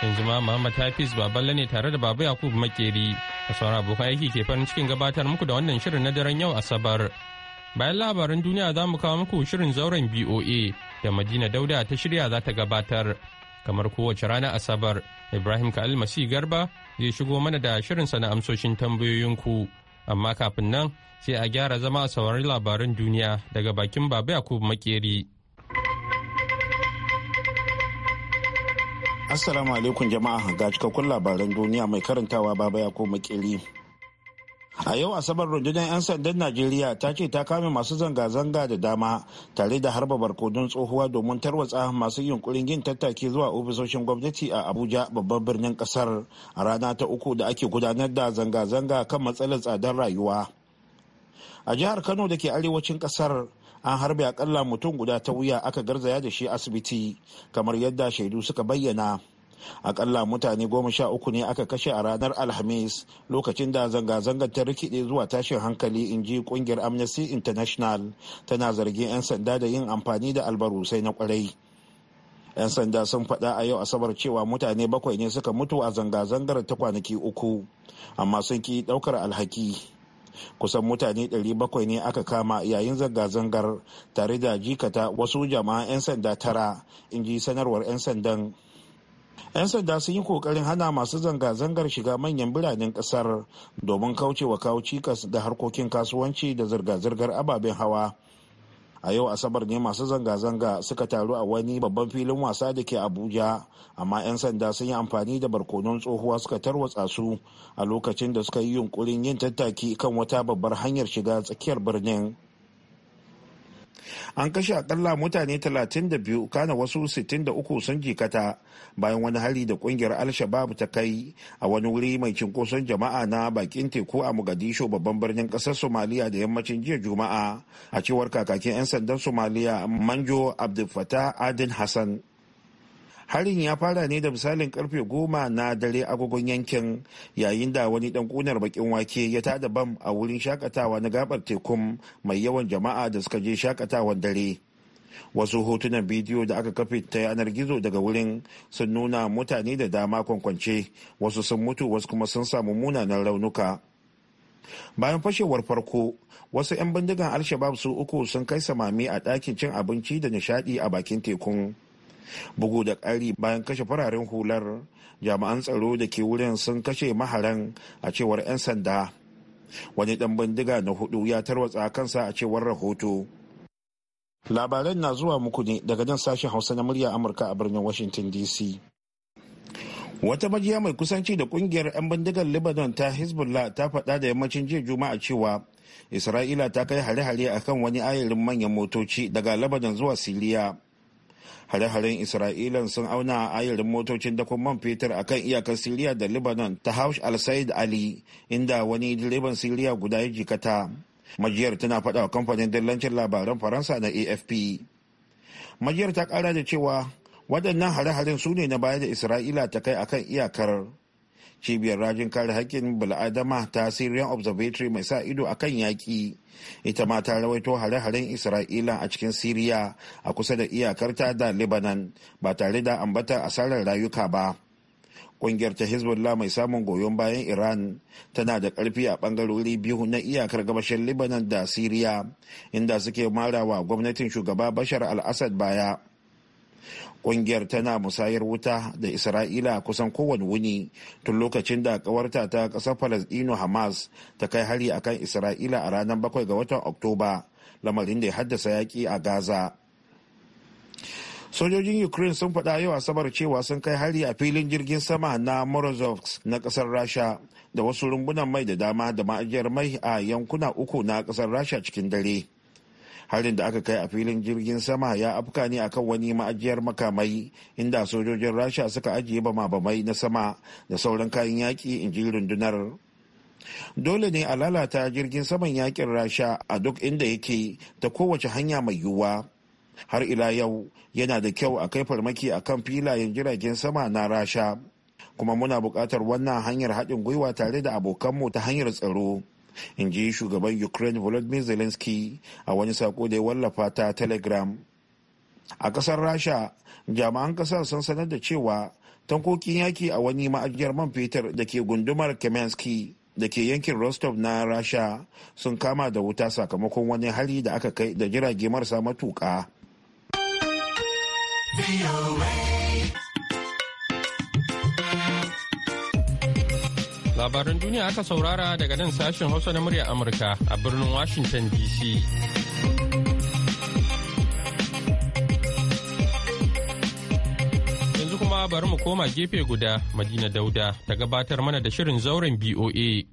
yanzu ma Muhammad Hafiz Baballe ne tare da Baba Yakubu Makeri a sauran abokan aiki ke farin cikin gabatar muku da wannan shirin na daren yau Asabar. Bayan labaran duniya za mu kawo muku shirin zauren BOA da Madina Dauda ta shirya za ta gabatar. Kamar kowace rana Asabar, Ibrahim Ka'al Masih Garba zai shigo mana da shirin sana amsoshin tambayoyinku. Amma kafin nan sai a gyara zama a saurari labaran duniya daga bakin Baba Yakubu Makeri. Assalamu alaikum jama'a ga cikakkun labaran duniya mai karantawa baba ya ko makili. A yau Asabar rundunar 'yan sandan Najeriya ta ce ta kame masu zanga-zanga da dama tare da harba barkodun tsohuwa domin tarwatsa masu yunkurin yin tattaki zuwa ofisoshin gwamnati a Abuja babban birnin kasar a rana ta uku da ake gudanar da zanga-zanga kan matsalar tsadar rayuwa. A jihar Kano da ke arewacin kasar an harbe akalla mutum guda ta wuya aka garzaya da shi asibiti kamar yadda shaidu suka bayyana akalla mutane goma sha uku ne aka kashe a ranar alhamis lokacin da zanga-zangar ta rikide zuwa tashin hankali in ji kungiyar amnesty international tana zargin 'yan sanda da yin amfani da albarusai na kwarai 'yan sanda sun faɗa a yau asabar cewa mutane bakwai ne suka mutu a zanga-zangar ta kwanaki uku amma sun ki ɗaukar alhaki kusan mutane 700 ne aka kama yayin zanga-zangar tare da jikata wasu jama'an 'yan sanda tara in ji sanarwar 'yan sandan 'yan sanda sun yi kokarin hana masu zanga-zangar shiga manyan biranen kasar domin kaucewa kawo cikas da harkokin kasuwanci da zirga-zirgar ababen hawa a yau asabar ne masu zanga-zanga suka taru a wani babban filin wasa da ke abuja amma 'yan sanda sun yi amfani da barkonon tsohuwa suka tarwatsa su a lokacin da suka yi yunkurin yin tattaki kan wata babbar hanyar shiga tsakiyar birnin an kashe akalla mutane 32 kana wasu 63 sun jikata bayan wani hari da kungiyar al-shabab ta kai a wani wuri mai cinkoson jama'a na bakin teku a mogadishu babban birnin kasar somaliya da yammacin jiya juma'a a cewar kakakin 'yan sandan somaliya manjo abdulfatah adin hassan harin ya fara ne da misalin karfe goma na dare agogon yankin yayin da wani dan kunar bakin wake ya tada bam a wurin shakatawa na gabar tekun mai yawan jama'a da suka je shakatawan dare wasu hotunan bidiyo da aka kafe ta yanar gizo daga wurin sun nuna mutane da dama kwankwance wasu sun mutu wasu kuma sun samu munanan raunuka bayan fashewar farko wasu 'yan bindigan al-shabab su uku sun kai samami a ɗakin cin abinci da nishadi a bakin tekun bugu da ƙari bayan kashe fararen hular jami'an tsaro da ke wurin sun kashe maharan a cewar 'yan sanda wani ɗan bindiga na hudu ya tarwatsa kansa a cewar rahoto labaran na zuwa muku ne daga nan sashen hausa na murya amurka a birnin washington dc wata majiya mai kusanci da kungiyar 'yan bindigar lebanon ta hezbollah ta faɗa da yammacin jiya juma'a cewa isra'ila ta kai hare-hare akan wani ayarin manyan motoci daga lebanon zuwa siriya hare-haren isra'ilan sun auna a ayarin motocin dakon man fetur a kan iyakar siriya da lebanon ta haush al-said ali inda wani direban siriya guda ya jikata majiyar tana faɗa wa kamfanin dillancin labaran faransa na afp majiyar ta ƙara da cewa waɗannan hare-haren su ne na baya da isra'ila ta kai akan iyakar cibiyar rajin kare haƙƙin bil'adama ta syrian observatory mai sa ido a kan yaƙi ita ma ta rawaito hare-haren isra'ila a cikin syria a kusa da iyakarta da lebanon ba tare da ambata asarar rayuka ba kungiyar ta hezbollah mai samun goyon bayan iran tana da karfi a bangarori biyu na iyakar gabashin lebanon da syria inda suke marawa gwamnatin shugaba bashar al-assad baya kungiyar tana musayar wuta da Isra'ila kusan kowane wuni tun lokacin da kawarta ta kasar Falasɗinu Hamas ta kai hari akan Isra'ila a ranar 7 ga watan Oktoba, lamarin da ya haddasa yaƙi a Gaza. sojojin ukraine sun faɗa yau asabar cewa sun kai hari a filin jirgin sama na morozov na ƙasar rasha da wasu rumbunan mai da dama da ma'ajiyar mai a yankuna uku na ƙasar rasha cikin dare harin da aka kai a filin jirgin sama ya afka ne akan wani ma'ajiyar makamai inda sojojin rasha suka ajiye bama-bamai na sama da sauran kayan yaƙi in ji rundunar dole ne a lalata jirgin saman yakin rasha a duk inda yake ta kowace hanya mai yiwuwa har ila yau yana da kyau a kai farmaki a kan filayen jiragen sama na rasha kuma muna buƙatar wannan hanyar haɗin gwiwa tare da abokanmu ta hanyar tsaro in ji shugaban ukraine volodymyr zelensky a wani sako da ya wallafa ta telegram a kasar rasha jami'an kasar sun sanar da cewa tankokin yaki a wani ma'ajiyar man fetur da ke gundumar kemensky da ke yankin rostov na rasha sun kama da wuta sakamakon wani hali da aka kai da jirage marasa matuka. Labaran duniya aka saurara daga nan sashen Hausa na murya Amurka a birnin Washington DC. Yanzu kuma bari mu koma gefe guda Madina Dauda ta gabatar mana da shirin zauren BOA.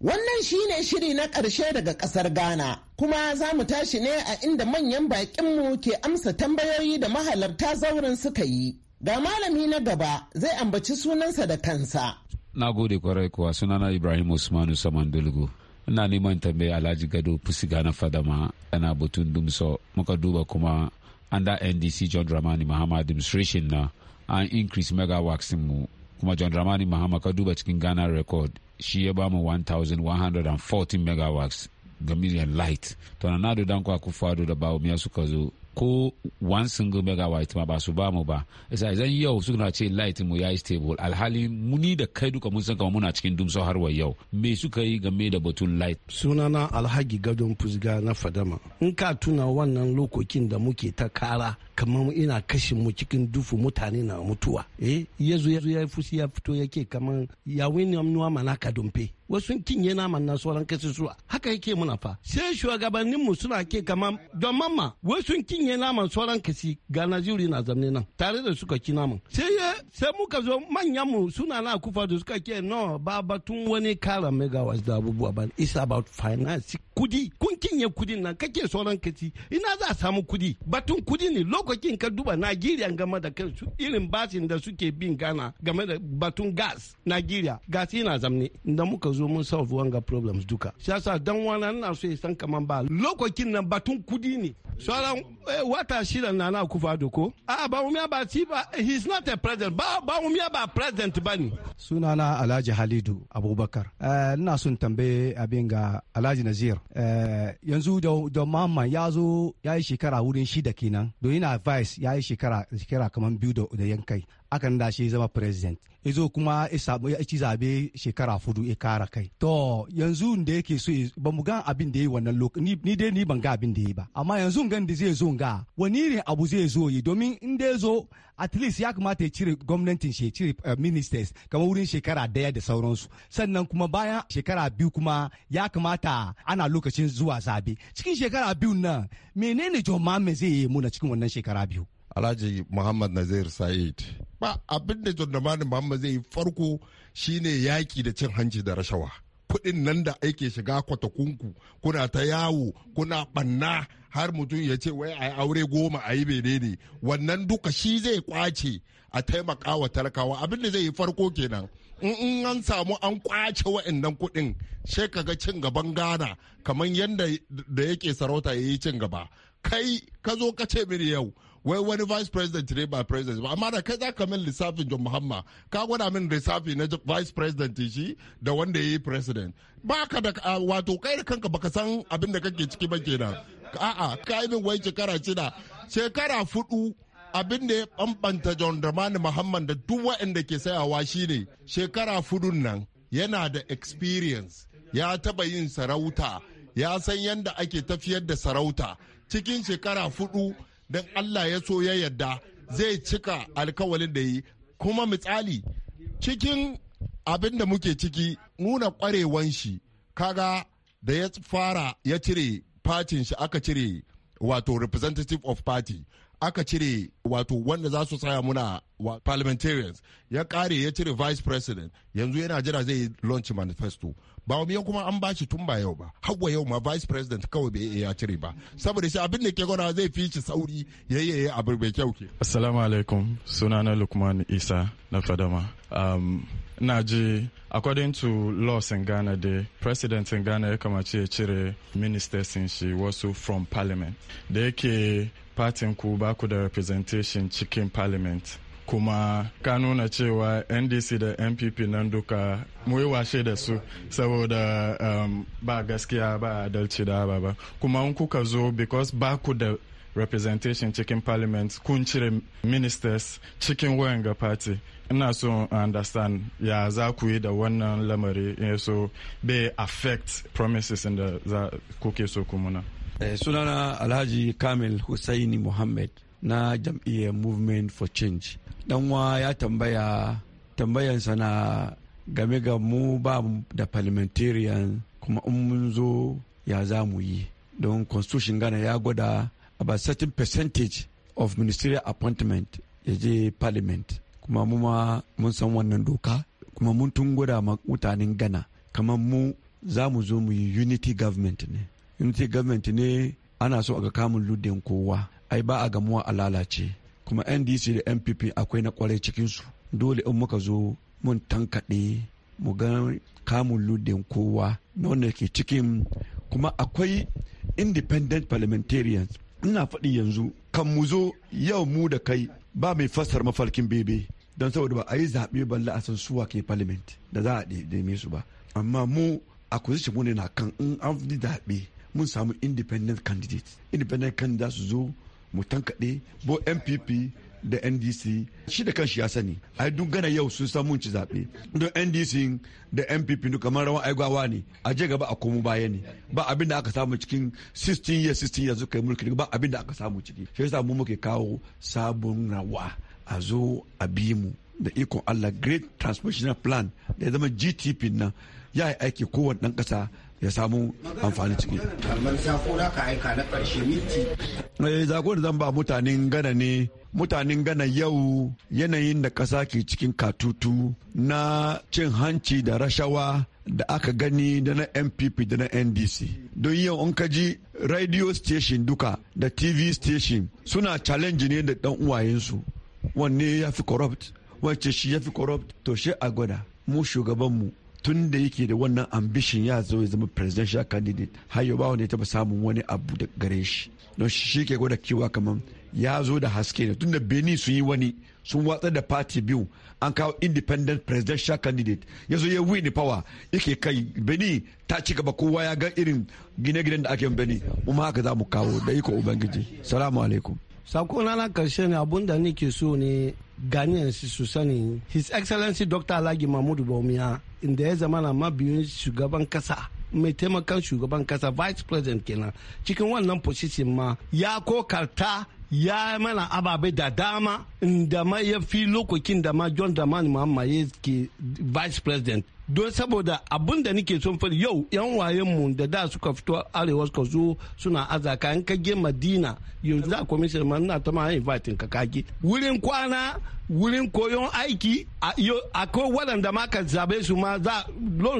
Wannan shi ne shiri na ƙarshe daga ƙasar Ghana, kuma za mu tashi ne a inda manyan baƙinmu ke amsa tambayoyi da mahalarta zauren suka yi. Ga malami na gaba zai ambaci sunansa da kansa. Na gode kwarai kuwa sunana Ibrahim Usmanu Saman Dulgu. Ina neman tambaya Alhaji Gado Fusiga na Fadama yana butun Dumso muka duba kuma under NDC John Dramani Mahama administration na an increase megawatts mu kuma John Dramani Mahama ka duba cikin Ghana record shi ya bamu 1140 megawatts ga million light to na nado dan kwa ku fado da bawo miya suka zo ko one single megawatt ma ba su ba mu ba isa zan yau suna ce light mu yayi stable alhali muni da kai duka mun san kama muna cikin dumso har wa yau me suka yi game da batun light sunana Alhagi gadon fusga na fadama in ka tuna wannan lokokin da muke ta kara kamar ina kashin mu cikin dufu mutane na mutuwa eh ya zo ya fusi ya fito yake kamar ya wani amnuwa manaka dompe wasu yana ma na sauran kasu su haka yake muna fa sai shugabannin mu suna ke kamar don mamma wasu yana ma sauran kasi ga Najeriya na zamne nan tare da suka ki naman sai sai muka zo manyan mu suna na kufa da suka ke no ba batun wani kara megawatt da abubuwa ba is about finance kudi kun kinye kudin nan kake sauran kasi ina za a samu kudi batun kudi ne lokacin dokokin ka duba Najeriya game da kansu irin basin da suke bin Ghana game da batun gas Najeriya gas yana zamne da muka zo mun solve wanga problems duka siyasa dan wani na so ya san kaman ba lokacin nan batun kudi ne sauran eh, wata shida na na kufa doko a ah, ba umiya ba ci ba he is not a president ba ba umiya ba president bani. sunana Alhaji Halidu Abubakar eh, ina son tambaye abin ga Alhaji Nazir eh, yanzu da mamman ya zo ya yi shekara wurin shida kenan don yana vice ya yi shekara kamar biyu da yankai akan da shi zama president ya zo kuma ya ci zabe shekara fudu ya kara kai to yanzu da yake so ba mu ga abin da yi wannan lokaci ni dai ni ban ga abin da yi ba amma yanzu gan da zai zo ga wani ne abu zai zo yi domin in da ya zo at least ya kamata ya cire gwamnatin shi cire eh, ministers kamar wurin shekara daya da sauransu sannan kuma bayan shekara biyu kuma ya kamata ana lokacin zuwa zabe cikin shekara biyu nan menene John Mahama zai yi muna cikin wannan shekara biyu alhaji muhammad nazir sa'id ba abin da john muhammad zai yi farko shine yaki da cin hanci da rashawa kuɗin nan da ake shiga kwatakunku kuna ta yawo kuna banna har mutum ya ce wai a aure goma a yi ne wannan duka shi zai kwace a taimaka wa talakawa abin da zai yi farko kenan in an samu an kwace wa'annan kuɗin sai kaga cin gaban gana kamar yadda da yake sarauta ya yi cin gaba kai ka zo ka ce mini yau wai wani vice president ne ba president ba amma da kai za ka min lissafin john muhamma ka gwada min lissafi na vice president shi da wanda ya yi president ba ka da wato kai da kanka baka san abin da kake ciki ba kenan a'a ka yi min wai shekara shida shekara fudu abin da ya bambanta john dramani muhammad da duk waɗanda ke sayawa shine shekara fudun nan yana da experience ya taba yin sarauta ya san yadda ake tafiyar da sarauta cikin shekara fudu don Allah ya so ya yadda zai cika alkawalin da yi kuma misali cikin abin da muke ciki nuna kwarewan shi kaga da ya fara ya cire fatin shi aka cire wato representative of party aka cire wato wanda za su tsaya muna parliamentarians ya kare ya cire vice president yanzu yana jira zai launch manifesto ba ya kuma an bashi tun ba yau ba hawa yau ma vice president kawai bai ya cire ba saboda shi abin da ke gwada zai fi shi sauri yayi yayi abin bai kyau ke assalamu alaikum sunana lukman isa na fadama um, na ji according to laws in ghana the president in ghana ya kamace ya cire ministers shi wasu from parliament da yake fatin ku ba ku da representation cikin parliament kuma ka nuna cewa ndc da npp nan duka muyi washe da su saboda um, ba gaskiya ba adalci da ba ba kuma in kuka zo because ba ku da representation cikin parliament kun cire ministers cikin wayan ga party ina so understand ya za ku yi da wannan lamari eh, so bai affect promises da kuke so na. Eh, sunana alhaji kamil hussaini muhammad na jam'iyyar movement for change danwa ya tambaya tambayansa na game ga mu ba da parliamentarian kuma in mun zo ya za mu yi don constitution ghana ya gwada about certain percentage of ministerial appointment ya je parliament kuma mu ma mun san wannan doka kuma mun tun gwada mutanen gana kamar mu za mu zo mu yi unity government ne ce government ne ana so a ga kamun ludin kowa ai ba a gamuwa a lalace kuma ndc da npp akwai na kwarai cikinsu dole in muka zo mun tankaɗe mu ga kamun ludin kowa na wanda ke cikin kuma akwai independent parliamentarians ina faɗi yanzu kan mu zo yau mu da kai ba mai fassar mafarkin bebe don saboda ba a yi zaɓe balla a san suwa ke parliament da za a ɗaiɗaime su ba amma mu a kuzishi mu ne na kan in an fi zaɓe mun samu independent candidate independent candidate su zo mu tankaɗe bo npp da ndc shi da kanshi ya sani ai duk gana yau sun san mun ci zaɓe don ndc da npp duka kamar rawan aigawa ne a je gaba a komo baya ne ba abin da aka samu cikin 16 years 16 years suka yi mulki ba abin da aka samu ciki shi yasa mu muke kawo sabon rawa a zo a bi mu da iko allah great transformational plan da ya zama gtp nan ya yi aiki kowane ɗan ƙasa ya samu amfani ciki. Zako eh, zan ba mutanen gana ne mutanen gana yau yanayin da ƙasa ke cikin katutu na cin hanci da rashawa da aka gani da na npp da na ndc don yau an kaji radio station duka da tv station suna challenge ne da dan uwayensu wanne ya fi corrupt wacce shi ya fi corrupt to shi a gwada mu shugabanmu tun da yake da wannan ambishin ya zo ya zama presidential candidate har yau bawa ne ta taba samun wani abu da gare shi don shi ke gwada kewa kamar ya zo da haske ne tun da benin sun yi wani sun watsar da party biyu an kawo independent presidential candidate ya zo ya win power yake kai benin ta ci gaba kowa ya ga irin gine-ginen da ake yin benin ma haka za mu kawo da iko ubangiji salamu alaikum sako na na karshe ne abun da nake so ne ghanaians su sani his excellency dr alagi mahmudu bomiya inda ya zama na mabiyin shugaban kasa mai taimakan shugaban kasa vice president kenan cikin wannan position ma ya kokarta ya mana ababe da dama inda ma ya fi lokacin da ma john dramani mahama ya ke vice president don saboda abin da nake son fari yau yan wayenmu da da suka fito arewa suka zo suna azaka in ka je madina yanzu da kwamishin ma na ta ma inviting ka wurin kwana wurin koyon aiki akwai waɗanda ma ka zabe su ma za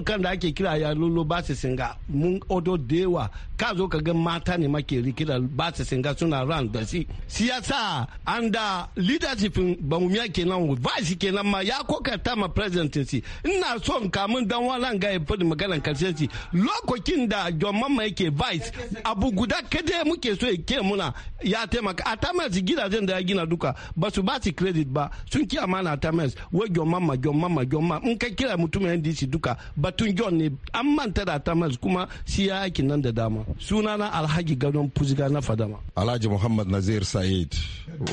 kan da ake kira ya lolo ba su singa mun odo dewa ka zo ka ga mata ne make rikira ba su singa suna ran da si siyasa an da leadership ba mu miya kenan vice kenan ma ya kokarta ma presidency ina son ka kamun dan walan ga fadi maganan karshenci lokacin da John Mamma yake vice abu guda kada muke so ke muna ya taimaka a tamers gidajen da ya gina duka ba su ba su credit ba sun ki amana tamers wai John Mamma John Mamma John Mamma in ka kira mutumin NDC duka batun John ne an manta da tamers kuma shi ya aikin nan da dama sunana Alhaji Gadon Fuziga na Fadama Alhaji Muhammad Nazir Said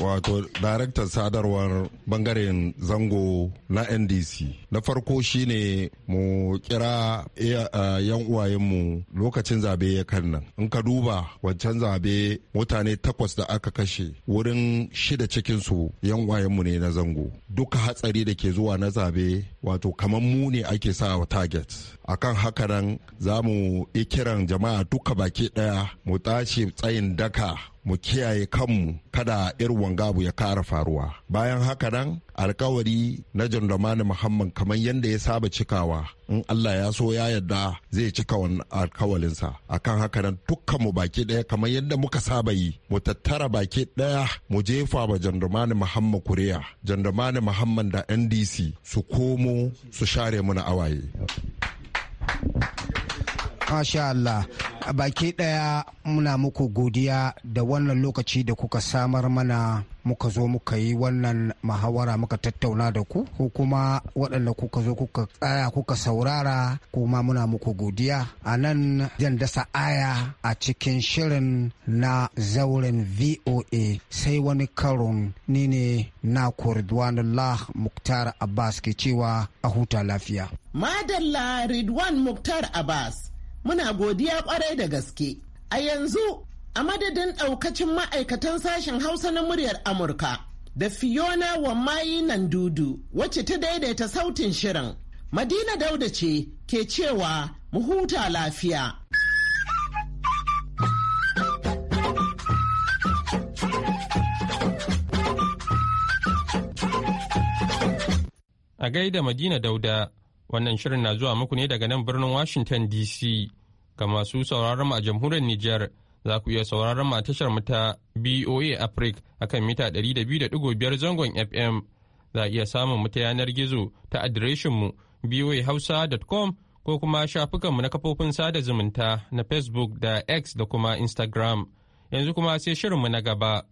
wato daraktan sadarwar bangaren zango na NDC na farko shine mu kira eh, eh, yan uwayenmu lokacin zabe ya kan nan in ka duba wancan zabe mutane takwas da aka kashe wurin shida cikinsu yan uwayenmu ne na zango duka hatsari da ke zuwa na zabe wato kamar mu ne ake sa wa target akan haka nan za mu kiran jama'a duka baki daya mu tashi tsayin daka mu kiyaye kanmu kada irin wangabu ya kara faruwa bayan haka nan alkawari na jandamani muhammad kamar yadda ya saba cikawa in allah ya so ya yarda zai cika wani alkawalinsa akan haka nan dukkan mu baki daya kamar yadda muka saba yi mu tattara baki daya mu jefa ba jandamani muhammad kuriya jandamani muhammad da ndc su komo su share na awaye Masha Allah. A baki ɗaya muna muku godiya da wannan lokaci da kuka samar mana muka zo muka yi wannan muhawara muka tattauna da ku ko kuma waɗanda kuka zo kuka tsaya kuka saurara kuma muna muku godiya a nan zan dasa aya a cikin shirin na zauren voa sai wani karon ni ne na kuridwanullah muktar abbas ke cewa a huta lafiya madalla ridwan muktar abbas muna godiya kwarai da gaske. A yanzu a madadin ɗaukacin ma'aikatan sashen Hausa na muryar Amurka da Fiona Wammayi Nandudu wacce ta daidaita sautin shirin. Madina Dauda ce ke cewa mu huta lafiya. A gaida Madina Dauda, wannan shirin na zuwa muku ne daga nan birnin Washington DC. Ga masu sauraron a jamhuriyar Nijar za ku iya sauraron mu a tashar mu ta BOA Africa akan mita 200.5 zangon FM. Za a iya samun mu ta yanar gizo ta adireshin mu boahausa.com ko kuma shafukan mu na kafofin sada zumunta na Facebook da X da kuma Instagram. Yanzu kuma sai shirin mu na gaba.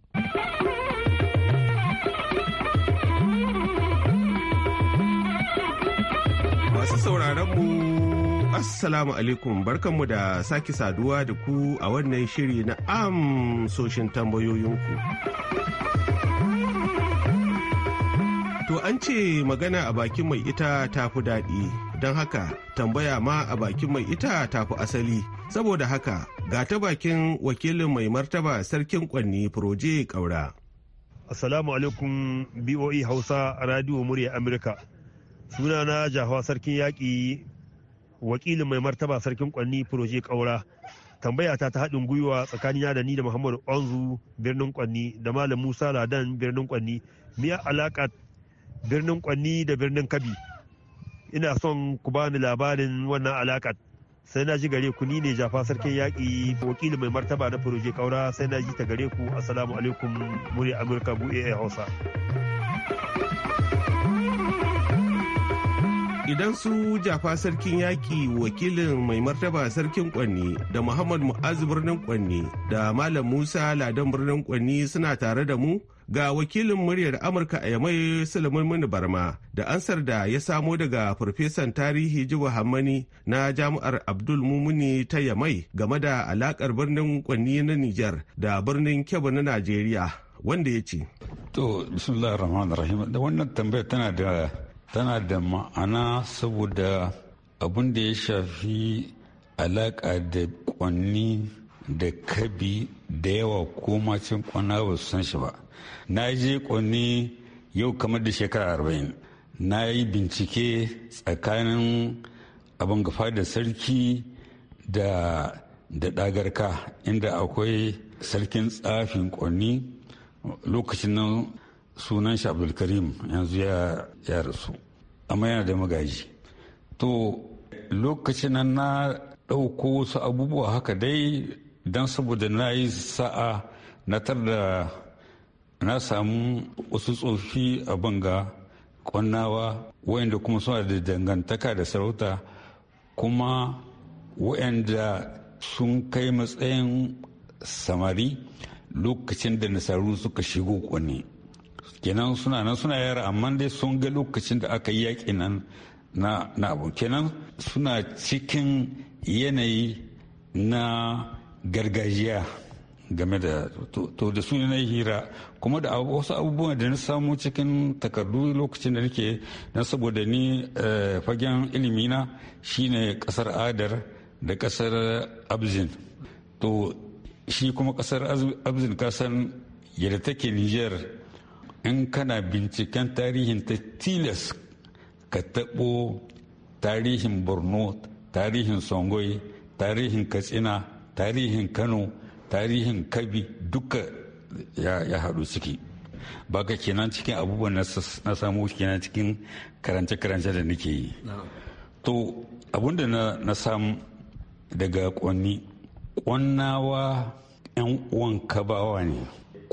Masu sauraron mu Assalamu alaikum barkanmu da sake saduwa da ku a wannan shiri na amsoshin tambayoyinku. To an ce magana a bakin mai ita tafi daɗi, don haka tambaya ma a bakin mai ita tafi asali. Saboda haka ga ta bakin wakilin mai martaba sarkin kwanni Proje Kaura. Assalamu alaikum BOE Hausa Radio Murya Amurka. Sunana Jahawa Sarkin Yaƙi wakilin mai martaba sarkin kwanni proje kaura tambaya ta ta haɗin gwiwa tsakanina da ni da muhammadu onzu birnin kwanni da malam musa ladan birnin kwanni miya alaƙa birnin kwanni da birnin kabi ina son ku bani labarin wannan alaƙa sai na ji gare ku ni ne jafa sarkin yaƙi wakilin mai martaba na proje kaura sai na ji ta gare ku assalamu alaikum muri amurka bu'e hausa. idan su jafa sarkin yaki wakilin mai martaba sarkin kwanni da muhammad Mu'azu birnin kwanni da malam musa ladan birnin kwanni suna tare da mu ga wakilin muryar amurka a yamai sulaiman barma da ansar da ya samo daga farfesan tarihi jibu hammani na jami'ar abdul mumuni ta yamai game da alakar birnin kwanni na nijar da birnin kebbi na najeriya wanda ya ce to rahman rahim da wannan tambayar tana da tana da ma'ana saboda abin da ya shafi alaƙa da ƙwanni da kabi da yawa ko macin kwana ba su san shi ba na je ƙwanni yau kamar da shekara arba'in na yi bincike tsakanin abin gafa da sarki da da ɗagarka inda akwai sarkin tsafin ƙwanni lokacin nan sunan shi karim yanzu ya rasu amma yana da magaji to lokacin nan na ɗauko wasu abubuwa haka dai don saboda na yi sa'a na tar da na samu wasu tsofi a banga ƙwannawa wayanda kuma suna da dangantaka da sarauta kuma wayanda sun kai matsayin samari lokacin da nasaru suka shigo ƙwanne kenan suna nan suna yara amma dai sun ga lokacin da aka yi yaƙi nan na abu kenan suna cikin yanayi na gargajiya game da to da su na hira kuma da wasu abubuwan da na samu cikin takardu lokacin da nake na saboda ni eh, fagen ilimina shine kasar adar da kasar abzin to shi kuma kasar abzin kasan yadda take niger in kana binciken tarihin ta tilas ka taɓo tarihin borno tarihin songoyi tarihin katsina tarihin kano tarihin kabi duka ya haɗu ciki baka kenan cikin abubuwan na samu kenan cikin karance-karance da nake yi to abinda na samu daga ƙonni ƙonnawa 'yan uwan kabawa ne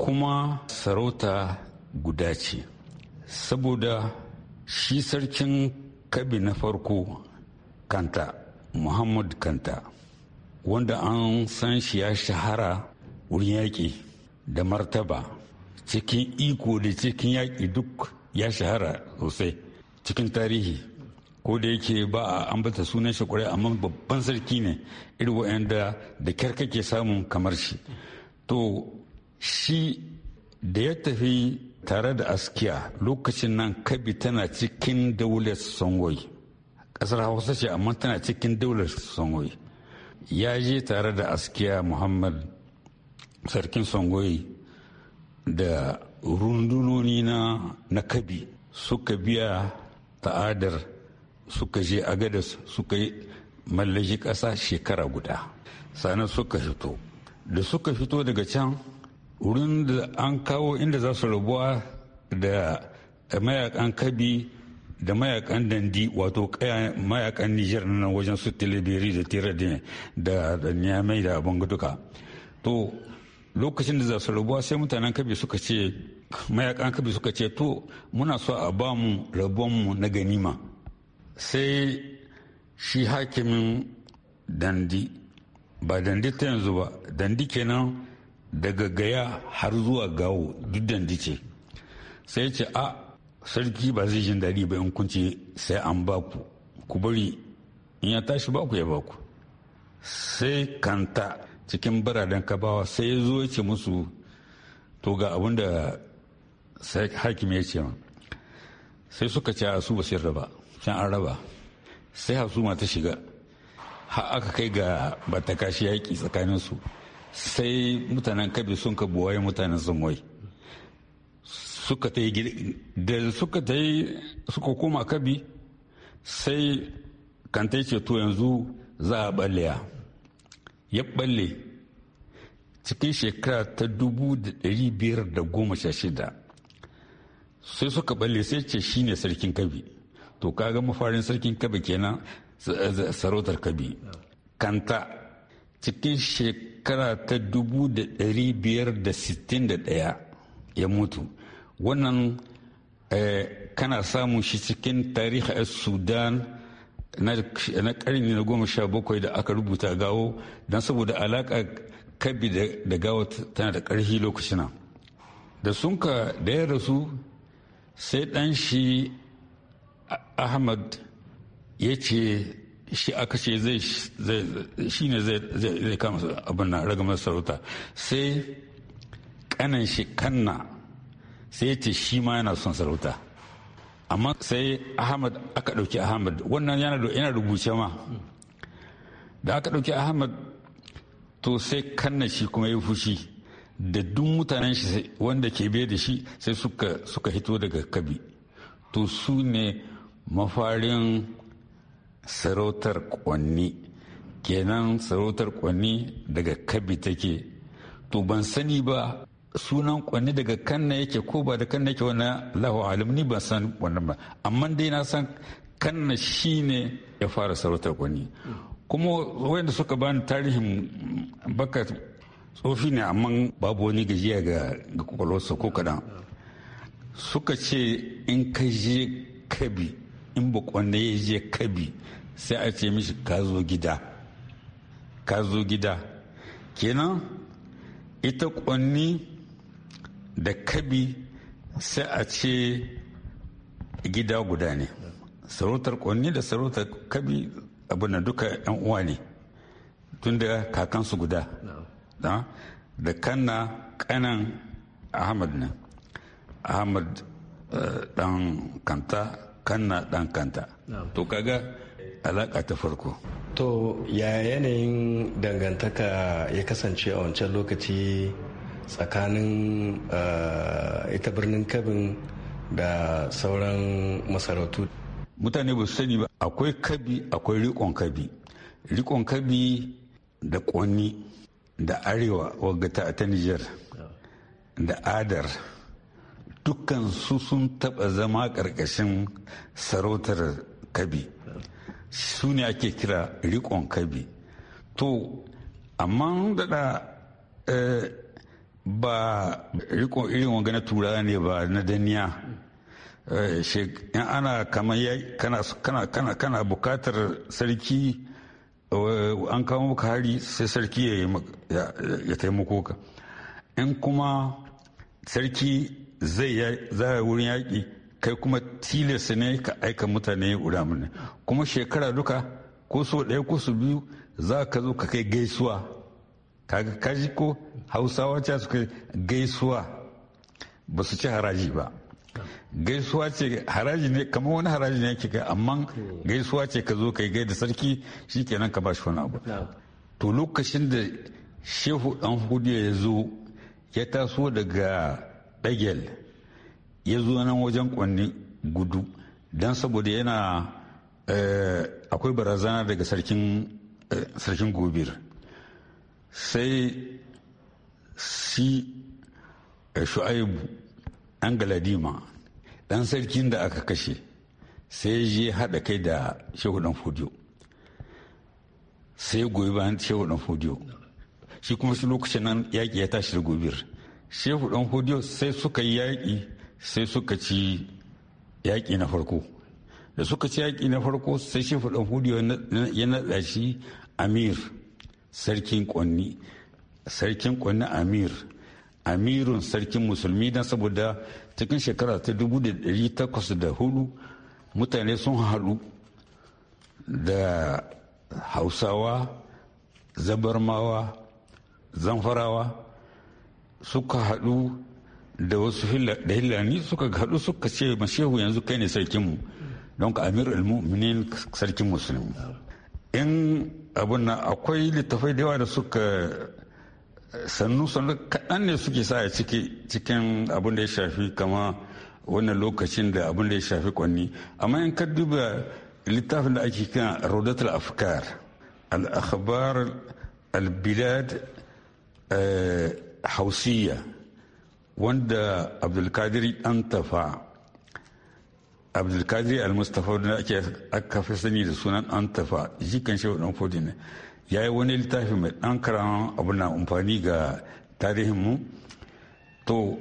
kuma sarauta guda ce saboda shi sarkin kabi na farko kanta muhammad kanta wanda an san shi ya shahara wurin yaƙi da martaba cikin iko da cikin yaƙi duk ya shahara sosai cikin tarihi ko da yake ba a ambata sunan shi kwarai amma babban sarki ne iri wa'anda da kyar kake samun kamar shi to shi da ya tafi tare da askiya lokacin nan kabi tana cikin daular songoi ƙasar hausa ce amma tana cikin daular songoi ya je tare da askiya muhammad sarkin songoi da rundunoni na kabi suka biya ta'adar suka je agadas suka yi mallaji ƙasa shekara guda sannan suka fito da suka fito daga can wurin da an kawo inda za su rabuwa da mayakan kabi da mayakan dandi wato mayakan niger nan wajen su tilibiri da tiradin da nyamai da abin duka to lokacin da za su rabuwa sai mutanen kabi suka ce mayakan kabi suka ce to muna so a ba mu rabonmu na ganima sai shi hakimin dandi ba dandi ta yanzu ba dandi kenan daga gaya har zuwa gawo duddan dice sai ce a sarki ba zai jin daɗi ba in ce sai an baku ku bari in ya tashi baku ya baku sai kanta cikin biraden kabawa sai ya zo ce musu to ga abin da hakim ya ce sai suka ce a su ba sai raba can an raba sai hasuma ta shiga har aka kai ga batakashi yaƙi tsakaninsu sai mutanen kabi sun ka buwaye mutanen zumoi suka ta yi da suka ta yi suka koma kabi sai kanta ce to yanzu za a balleya ya balle cikin shekara ta shida sai suka balle sai ce shine sarkin kabi to kaga mafarin sarkin kabi kenan sarautar kabi kanta cikin shekara shekara ta 1561 ya mutu wannan eh, kana samun shi cikin tarihi sudan na karni na goma sha bakwai da aka rubuta gawo don saboda alaka kabi da gawo tana da karhi lokacin da sunka da ya rasu sai dan shi ahmad ya ce shi aka ce zai shi ne zai kama abin na ragamar sarauta sai kanan shi kanna sai ce shi ma yana son sarauta amma sai ahmad aka ɗauki ahmad wannan yana da rubuce ma da aka ɗauki ahmad to sai kanna shi kuma ya fushi da duk mutanen shi wanda ke biye da shi sai suka hito daga kabi to su ne mafarin sarautar kwanni kenan sarautar kwanni daga kabi take to ban sani ba sunan kwanni daga kanna yake ko ba da kanna yake wani lahu alim ni ban san wannan ba amma dai na san kanna shine ya fara sarautar kwanni kuma wanda suka bani tarihin baka tsofi ne amma babu wani gajiya ga kwakwalwarsa ko kaɗan suka ce in ka je kabi in bakwanne ya je kabi sai a ce mishi ka zo gida ka zo gida kenan ita kwanni da kabi sai a ce gida guda ne sarautar kwanni da sarautar kabi abu na duka yan uwa ne tun da kakansu guda ah, da kanna kanan ahmad ne ahmad dan eh, kanta kanna dan kanta to kaga alaƙa ta farko to ya yanayin dangantaka ya kasance a wancan lokaci tsakanin eh, ita birnin kabin da sauran masarautu mutane ba su sani ba akwai kabi akwai rikon kabi rikon kabi da kwanni da arewa wagata ta nijar da adar dukkan su sun taɓa zama ƙarƙashin sarautar kabi su ne ake kira rikon kabi to amma daɗa eh, ba rikon irin wanga na tura ne ba na daniya eh, in ana kamar kana bukatar sarki eh, an kawo maka hari sai sarki ya taimako ka in kuma sarki zai a wurin yaƙi kai kuma tilasta ne ka aika mutane guda mana kuma shekara duka ko so ɗaya ko su biyu za ka zo ka kai gaisuwa kaga kaji ko hausawa ce su kai gaisuwa ba su ci haraji ba gaisuwa ce haraji ne kamar wani haraji ne yake kai amma gaisuwa ce ka zo kai gaida sarki shikenan ka ba shi wani abu to lokacin da shehu dan hudu ya zo ya taso daga ɗagel ya zo nan wajen ƙwanni gudu don saboda yana eh, akwai barazana daga sarkin eh, gobir sai si eh, shu'aibu ɗan galadima ɗan sarkin da aka kashe sai je haɗa kai da shehu ɗan fudiyo sai goyi bayan shehu ɗan fudiyo shi kuma shi lokacin nan yaƙi ya tashi da gobir shehu dan hodiyo sai suka yi yaƙi sai suka ci yaƙi na farko da suka ci yaƙi na farko sai shehu dan ya naɗa shi amir sarkin ƙonni sarkin ƙonni amir amirun sarkin musulmi don saboda cikin shekara ta da hudu mutane sun haɗu da hausawa zabarmawa zamfarawa suka haɗu da wasu hillani suka haɗu suka ce mashehu yanzu kai ne sarkinmu don ka amir al-mu'minin sarkin musulmi in abin akwai littafai da yawa da suka sannu sannu kaɗan ne suke sa a ciki cikin abin da ya shafi kama wannan lokacin da abin da ya shafi kwanni amma in ka duba littafin da ake kan rodatul afkar al-akhbar al-bilad eh, hausiya wanda abdulkadir dan tafa abdulkadir al-mustafa da ake aka fi sani da sunan dan tafa jikan shehu dan fodi ne ya yi wani littafi mai dan karamin abu na amfani ga tarihinmu to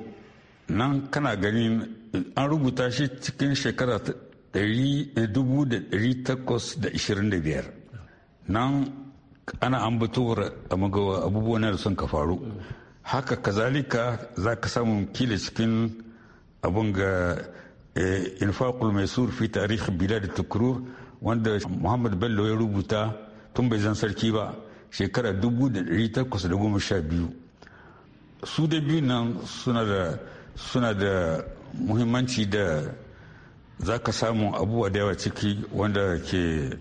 nan kana ganin an rubuta shi cikin shekara 1825 nan ana ambatuwar abubuwan da sun ka faru haka kazalika za ka samu kila cikin abun ga eh, infaqul maisur fi tarikh bilad tukrur wanda muhammad bello ya rubuta tun bai zan sarki ba shekara 1812 su da biyu nan suna da suna da muhimmanci da za ka samu abubuwa da yawa ciki wanda ke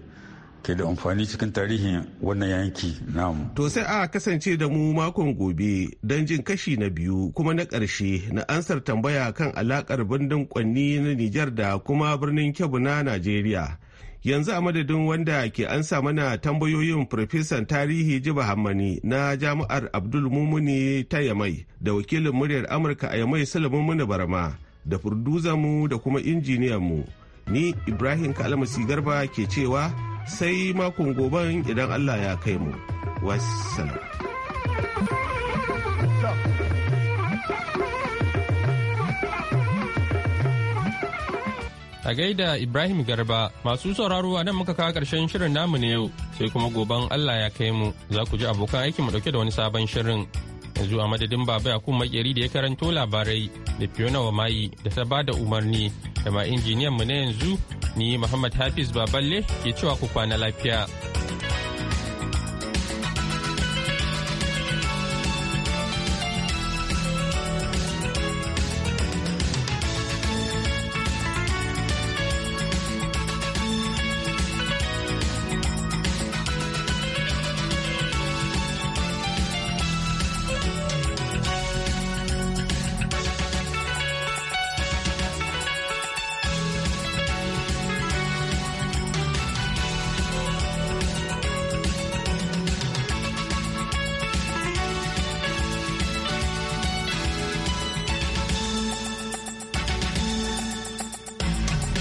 ke da amfani cikin tarihin wannan yanki namu. To sai a kasance da mu makon gobe don jin kashi na biyu kuma na ƙarshe na ansar tambaya kan alaƙar birnin kwanni na Nijar da kuma birnin Kebbi na Najeriya. Yanzu a madadin wanda ke ansa mana tambayoyin Farfesan Tarihi Jiba Hammani na Jami'ar Abdul Mumuni ta Yamai da wakilin muryar Amurka a Yamai Sulaimun Barma da mu da kuma injiniyan mu. Ni Ibrahim Kalmasi Garba ke cewa sai makon goben idan Allah ya kai mu. Wassalam. A gaida Ibrahim Garba masu sauraro a nan muka kawo ƙarshen shirin namu ne yau sai kuma goben Allah ya kai mu za ku ji abokan aikin mu dauke da wani sabon shirin. yanzu a madadin baba a kuma makeri da ya karanto labarai da fiona wa mayi da ta ba da umarni da ma injiniyan mu na yanzu ni muhammad hafiz baballe ke cewa ku kwana lafiya